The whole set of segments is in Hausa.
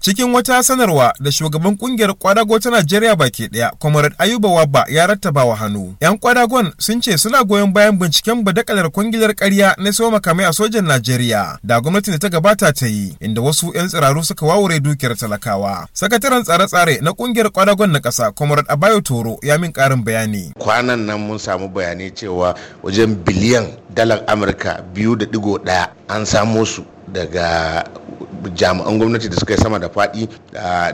cikin wata sanarwa da shugaban kungiyar kwadago ta najeriya baki daya comrade ayuba wabba ya rattaba wa hannu yan kwadagon sun ce suna goyon bayan binciken badakalar kungilar karya na sayo makamai a sojan najeriya da gwamnati da ta gabata ta yi inda wasu yan tsiraru suka wawure dukiyar talakawa sakataren tsare-tsare na kungiyar kwadagon na kasa comrade abayo toro ya min karin bayani kwanan nan mun samu bayanai cewa wajen biliyan dalar amurka biyu da digo daya an samo su daga jami'an gwamnati da suka yi sama da faɗi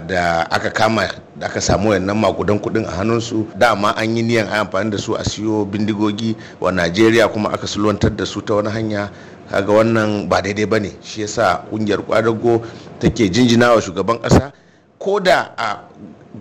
da aka kama da aka samu wannan makudan kuɗin a hannunsu dama an yi niyan amfani da su a siyo bindigogi wa najeriya kuma aka sulwantar da su ta wani hanya kaga wannan ba daidai ba ne shi yasa kungiyar kwadago take jinjina wa shugaban kasa ko da a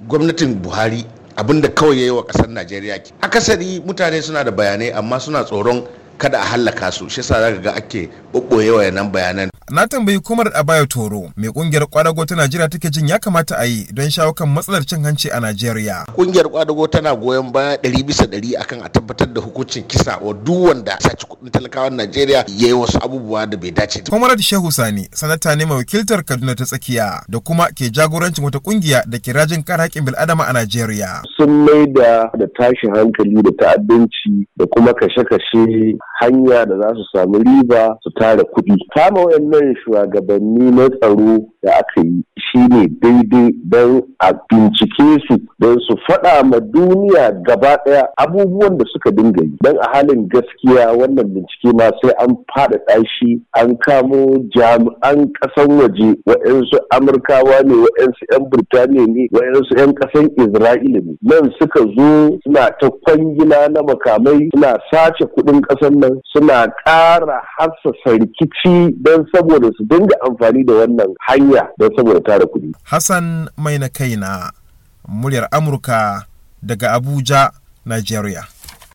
gwamnatin buhari abinda kawai ya yi wa kasar najeriya akasari mutane suna da bayanai amma suna tsoron kada a hallaka su shi yasa zaka ga ake bubboye nan bayanan na tambayi kumar baya toro mai kungiyar kwadago ta najeriya take jin ya kamata a yi don shawo kan matsalar cin hanci a najeriya kungiyar kwadago tana goyon baya ɗari bisa ɗari akan a tabbatar da hukuncin kisa wa duk wanda saci kuɗin talakawan najeriya ya yi wasu abubuwa da bai dace da shehu sani sanata ne mai wakiltar kaduna ta tsakiya da kuma ke jagorancin wata kungiya da ke rajin kare haƙƙin bil'adama a najeriya sun mai da tashin hankali da ta'addanci da kuma kashe-kashe hanya da za su samu riba su tare kuɗi kama wayannan shugabanni na tsaro da aka yi shi ne daidai don a bincike su don su faɗa ma duniya gaba ɗaya abubuwan da suka dinga yi don a halin gaskiya wannan bincike ma sai an faɗaɗa shi an kamo jami'an ƙasan waje wa'yansu amurkawa ne wa'yansu 'yan birtaniya ne wa'yansu 'yan ƙasan isra'ila ne nan suka zo suna ta kwangila na makamai suna sace kuɗin ƙasan nan suna ƙara hassasa rikici don saboda su dinga amfani da wannan hanya don saboda tara kuɗi. Hassan mai na kai kaina muryar amurka daga abuja nigeria